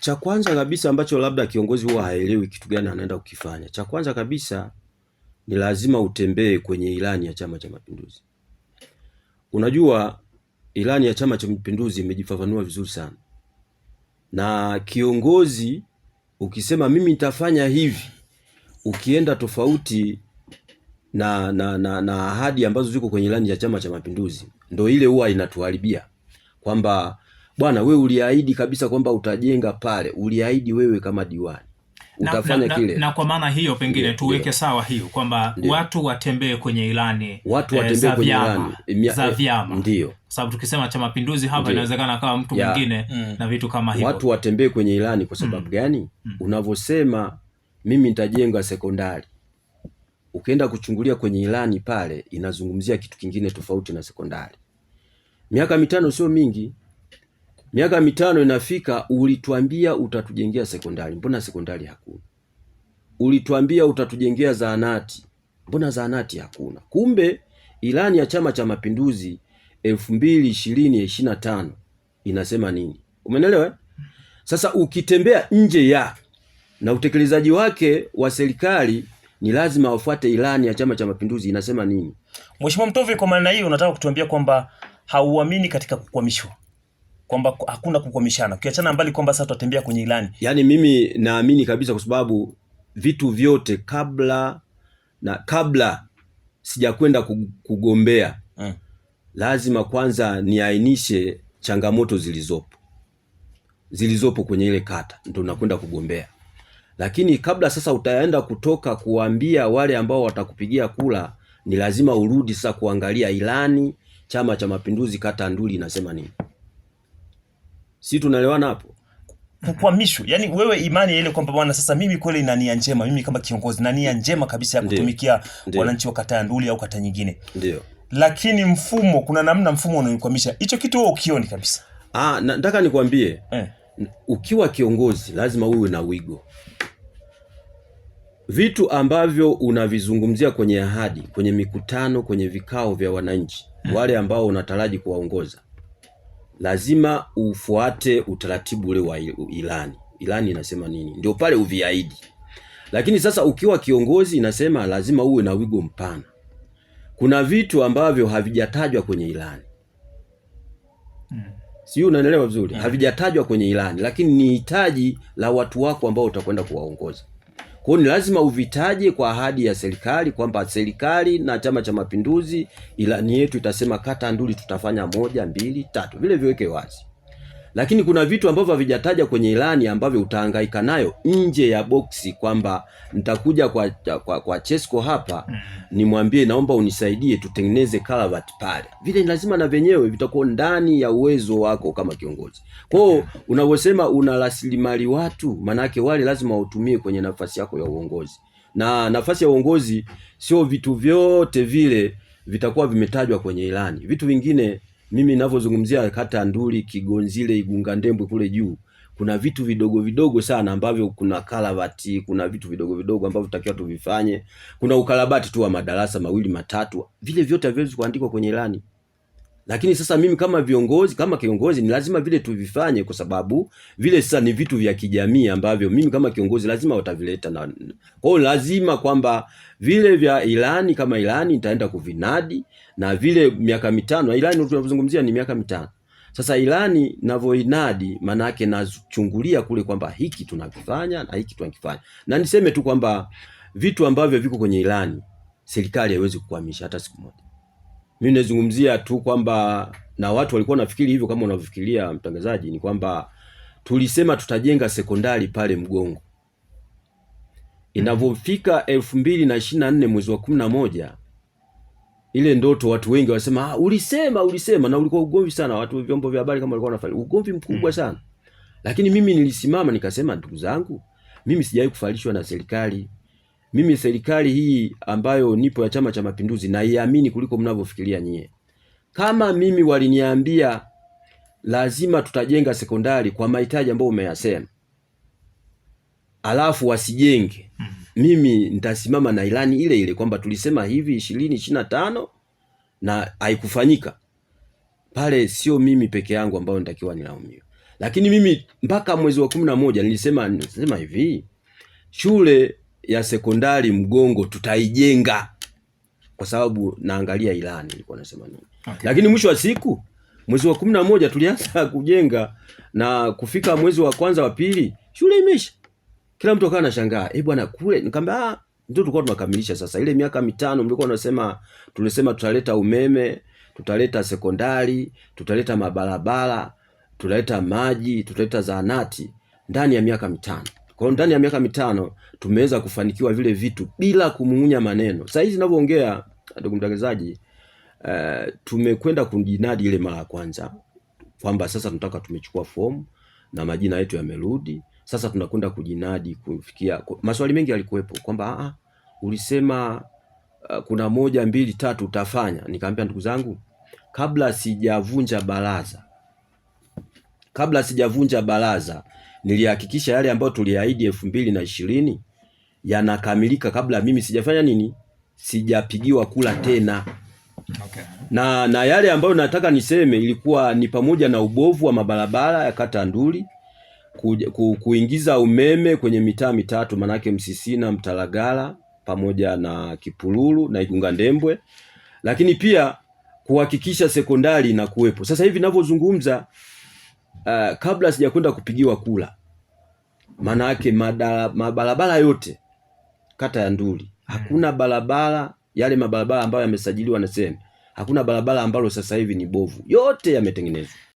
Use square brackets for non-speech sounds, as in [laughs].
Cha kwanza kabisa ambacho labda kiongozi huwa haelewi kitu gani anaenda kukifanya. Cha kwanza kabisa ni lazima utembee kwenye ilani ya Chama cha Mapinduzi. Unajua ilani ya Chama cha Mapinduzi imejifafanua vizuri sana, na kiongozi ukisema mimi nitafanya hivi, ukienda tofauti na na na, na ahadi ambazo ziko kwenye ilani ya Chama cha Mapinduzi, ndo ile huwa inatuharibia kwamba bwana, we uliahidi kabisa kwamba utajenga pale, uliahidi wewe kama diwani utafanya na, kile na, na kwa maana hiyo pengine yeah, tuweke yeah. sawa hiyo kwamba yeah. watu watembee kwenye ilani watu eh, watembee eh, kwenye ilani za vyama ndio sababu tukisema cha mapinduzi hapa inawezekana kama mtu yeah. mwingine mm. na vitu kama hivyo watu watembee kwenye ilani kwa mm. sababu mm. gani mm. unavyosema mimi nitajenga sekondari ukienda kuchungulia kwenye ilani pale inazungumzia kitu kingine tofauti na sekondari miaka mitano sio mingi miaka mitano inafika, ulituambia utatujengea sekondari, mbona sekondari hakuna? Ulituambia utatujengea zahanati, mbona zahanati hakuna? Kumbe ilani ya Chama cha Mapinduzi elfu mbili ishirini ishirini na tano inasema nini? Umenelewa? Eh? Sasa ukitembea nje ya na utekelezaji wake wa serikali ni lazima wafuate ilani ya Chama cha Mapinduzi inasema nini. Mheshimiwa Mtovi, kwa maana hiyo unataka kutuambia kwamba hauamini katika kukwamishwa? kwamba hakuna kukomeshana, ukiachana mbali kwamba sasa tutatembea kwenye ilani. Yani mimi naamini kabisa, kwa sababu vitu vyote kabla na kabla sijakwenda kugombea mm. lazima kwanza niainishe changamoto zilizopo zilizopo kwenye ile kata, ndio nakwenda kugombea. Lakini kabla sasa utaenda kutoka kuambia wale ambao watakupigia kula, ni lazima urudi sasa kuangalia ilani Chama cha Mapinduzi kata Nduli inasema nini si tunaelewana hapo? kukwamishwa yani, wewe imani ile kwamba bwana, sasa mimi kweli na nia njema, mimi kama kiongozi na nia njema kabisa ya kutumikia wananchi wa kata ya Nduli au kata nyingine, ndio. Lakini mfumo, kuna namna mfumo unanikwamisha hicho kitu, wewe ukioni kabisa. Ah, nataka nikwambie eh, ukiwa kiongozi lazima uwe na wigo. Vitu ambavyo unavizungumzia kwenye ahadi, kwenye mikutano, kwenye vikao vya wananchi hmm, wale ambao unataraji kuwaongoza lazima ufuate utaratibu ule wa ilani. Ilani inasema nini? Ndio pale uviahidi. Lakini sasa ukiwa kiongozi, inasema lazima uwe na wigo mpana. Kuna vitu ambavyo havijatajwa kwenye ilani hmm. Sio, unaelewa vizuri hmm. Havijatajwa kwenye ilani, lakini ni hitaji la watu wako ambao utakwenda kuwaongoza. Kwa hiyo ni lazima uvitaje kwa ahadi ya serikali kwamba serikali na Chama cha Mapinduzi, ilani yetu itasema kata Nduli tutafanya moja, mbili, tatu, vile viweke wazi lakini kuna vitu ambavyo havijataja kwenye ilani ambavyo utahangaika nayo nje ya boksi, kwamba nitakuja kwa, kwa, kwa Chesco hapa mm. nimwambie, naomba unisaidie tutengeneze kalavati pale. Vile lazima na vyenyewe vitakuwa ndani ya uwezo wako kama kiongozi. kwao hiyo unavyosema una rasilimali watu, manake wale lazima wautumie kwenye nafasi yako ya uongozi, na nafasi ya uongozi sio vitu vyote vile vitakuwa vimetajwa kwenye ilani, vitu vingine mimi ninavyozungumzia kata Nduli, Kigonzile, Igunga Ndembwe kule juu kuna vitu vidogo vidogo sana ambavyo kuna karavati, kuna vitu vidogo vidogo ambavyo tutakiwa tuvifanye. Kuna ukarabati tu wa madarasa mawili matatu, vile vyote haviwezi kuandikwa kwenye ilani. Lakini sasa mimi kama viongozi, kama kiongozi ni lazima vile tuvifanye, kwa sababu vile sasa ni vitu vya kijamii ambavyo mimi kama kiongozi lazima watavileta na kwa hiyo lazima kwamba vile vya ilani kama ilani nitaenda kuvinadi na vile miaka mitano ilani tunazungumzia ni miaka mitano. Sasa ilani navyoinadi, maana yake nachungulia kule kwamba hiki tunakifanya na hiki tunakifanya, na niseme tu kwamba vitu ambavyo viko kwenye ilani serikali haiwezi kukwamisha hata siku moja mimi nazungumzia tu kwamba na watu walikuwa nafikiri hivyo kama unavyofikiria mtangazaji, ni kwamba tulisema tutajenga sekondari pale Mgongo. Inavyofika elfu mbili na ishirini na nne mwezi wa kumi na moja ile ndoto watu wengi wasema ah, ulisema ulisema, na ulikuwa ugomvi sana, watu vyombo vya habari kama walikuwa wanafali ugomvi mkubwa mm. sana, lakini mimi nilisimama nikasema, ndugu zangu, mimi sijawahi kufalishwa na serikali mimi serikali hii ambayo nipo ya Chama cha Mapinduzi naiamini kuliko mnavyofikiria nyie. Kama mimi waliniambia lazima tutajenga sekondari kwa mahitaji ambayo umeyasema, alafu wasijenge, mm-hmm. mimi nitasimama na ilani ile ile kwamba tulisema hivi ishirini ishirini na tano na haikufanyika pale. Sio mimi peke yangu ambayo nitakiwa nilaumiwa, lakini mimi mpaka mwezi wa kumi na moja nilisema, nilisema hivi shule ya sekondari Mgongo tutaijenga, kwa sababu naangalia ilani ilikuwa nasema nini. Okay. Lakini mwisho wa siku mwezi wa kumi na moja tulianza [laughs] kujenga na kufika mwezi wa kwanza wa pili shule imeisha. Kila mtu akawa anashangaa, eh, bwana kule nikamwambia, ah, ndio tulikuwa tunakamilisha sasa. Ile miaka mitano mlikuwa unasema, tulisema tutaleta umeme, tutaleta sekondari, tutaleta mabarabara, tutaleta maji, tutaleta zahanati ndani ya miaka mitano kwao ndani ya miaka mitano tumeweza kufanikiwa vile vitu bila kumuunya maneno. sahizi navyoongea ndugu mtangazaji, uh, tumekwenda kujinadi ile mara ya kwanza kwamba sasa tunataka tumechukua fomu na majina yetu yamerudi. Sasa tunakwenda kujinadi kufikia maswali mengi yalikuwepo kwamba a ah, ah, ulisema uh, kuna moja mbili tatu utafanya. nikaambia ndugu zangu, kabla sijavunja baraza kabla sijavunja baraza nilihakikisha yale ambayo tuliahidi elfu mbili na ishirini yanakamilika kabla mimi sijafanya nini, sijapigiwa kula tena. Okay. Na, na yale ambayo nataka niseme ilikuwa ni pamoja na ubovu wa mabarabara ya kata Nduli ku, ku, kuingiza umeme kwenye mitaa mitatu manake Msisina, mtaragala pamoja na Kipululu na Igunga Ndembwe, lakini pia kuhakikisha sekondari inakuwepo. Sasa hivi ninavyozungumza uh, kabla sijakwenda kupigiwa kula, maana yake mabarabara yote kata ya Nduli hakuna barabara, yale mabarabara ambayo yamesajiliwa na sehemu, hakuna barabara ambalo sasa hivi ni bovu, yote yametengenezwa.